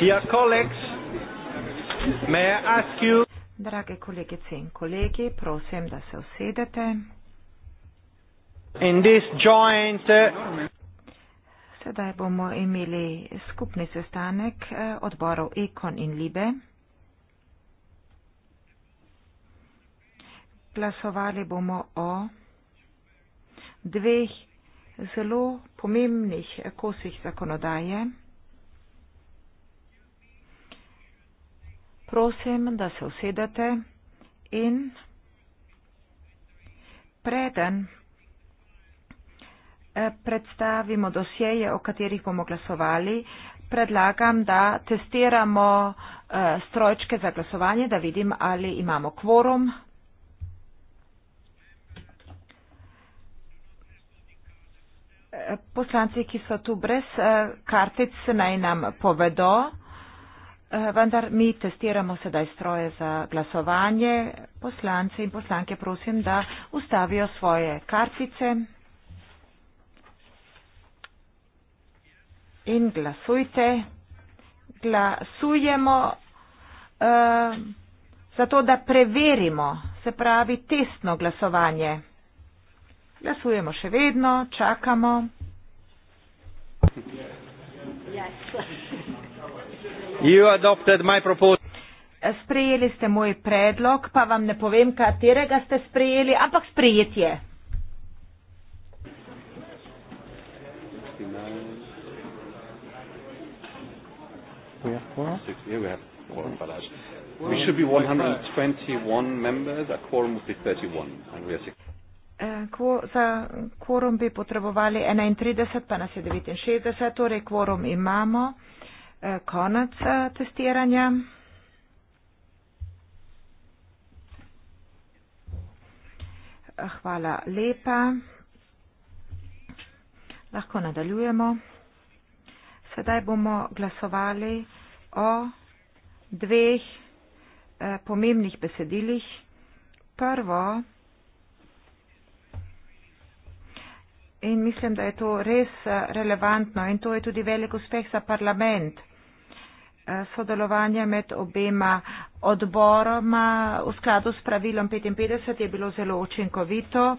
Dear colleagues, may I ask you... Drage kolegice in kolegi, prosim, da se usedete. In this joint... Uh, Sedaj bomo imeli skupni sestanek eh, odborov Ekon in Libe. Glasovali bomo o dveh zelo pomembnih kosih zakonodaje. prosim, da se usedete in preden eh, predstavimo dosjeje, o katerih bomo glasovali, predlagam, da testiramo eh, strojčke za glasovanje, da vidim, ali imamo kvorum. Eh, poslanci, ki so tu brez kartic, naj nam povedo, Eh, vendar mi testiramo sedaj stroje za glasovanje. Poslance in poslanke prosim, da ustavijo svoje kartice in glasujte. Glasujemo uh, zato, da preverimo, se pravi, testno glasovanje. Glasujemo še vedno, čakamo. Yes. Sprejeli ste moj predlog, pa vam ne povem, katerega ste sprejeli, ampak sprejetje. Eh, za kvorum bi potrebovali 31, pa nas je 69, torej kvorum imamo. Eh, konec eh, testiranja. Eh, hvala lepa. Lahko nadaljujemo. Sedaj bomo glasovali o dveh eh, pomembnih besedilih. Prvo in mislim, da je to res eh, relevantno in to je tudi velik uspeh za parlament. Eh, sodelovanje med obema odboroma v skladu s pravilom 55 je bilo zelo učinkovito.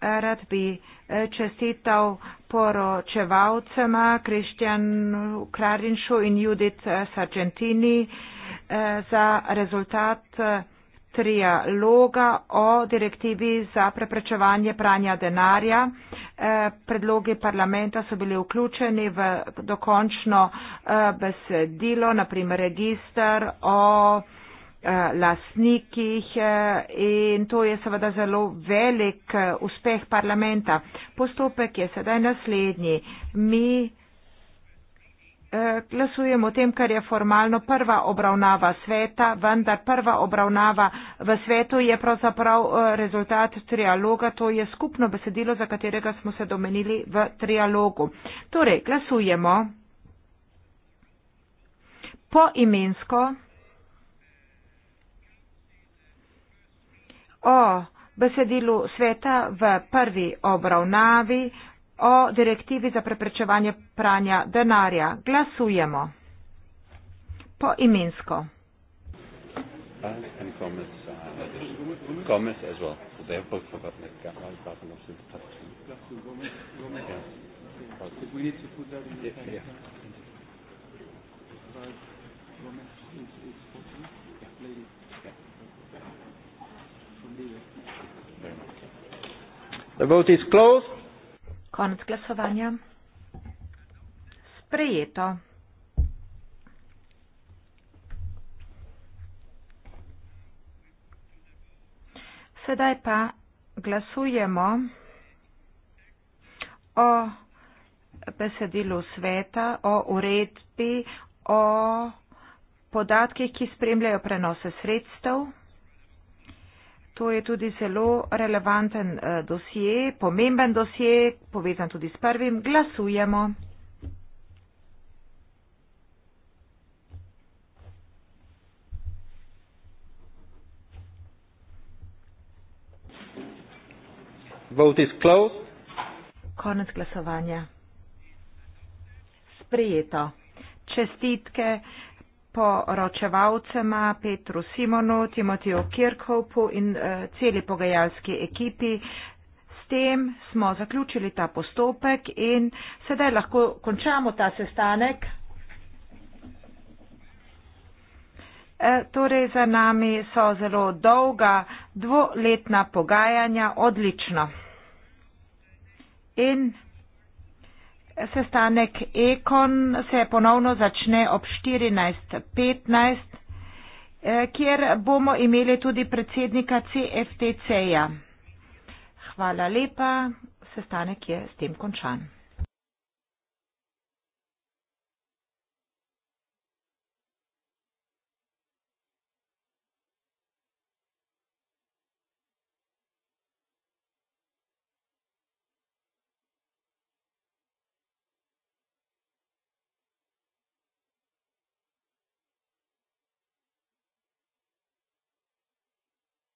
Rad bi eh, čestital poročevalcema Kristjan Krarinšu in Judith Sargentini za rezultat trialoga o direktivi za preprečevanje pranja denarja. Eh, predlogi parlamenta so bili vključeni v dokončno eh, besedilo, naprimer registr o eh, lasnikih in to je seveda zelo velik uspeh parlamenta. Postopek je sedaj naslednji. Mi Eh, glasujem o tem, kar je formalno prva obravnava sveta, vendar prva obravnava v svetu je pravzaprav eh, rezultat trialoga, to je skupno besedilo, za katerega smo se domenili v trialogu. Torej, glasujemo po imensko o besedilu sveta v prvi obravnavi, o direktivi za preprečevanje pranja denarja. Glasujemo. Po imensko. The vote is closed. Konec glasovanja. Sprejeto. Sedaj pa glasujemo o besedilu sveta, o uredbi, o podatkih, ki spremljajo prenose sredstev. To je tudi zelo relevanten eh, dosje, pomemben dosje, povezan tudi s prvim. Glasujemo. Vote is closed. Konec glasovanja. Sprijeto. Čestitke poročevalcema Petru Simonu, Timotiju Kirkhopu in uh, celi pogajalski ekipi. S tem smo zaključili ta postopek in sedaj lahko končamo ta sestanek. E, torej za nami so zelo dolga dvoletna pogajanja, odlično. In sestanek Ekon se ponovno začne ob 14.15, eh, kjer bomo imeli tudi predsednika CFTC-ja. Hvala lepa, sestanek je s tem končan.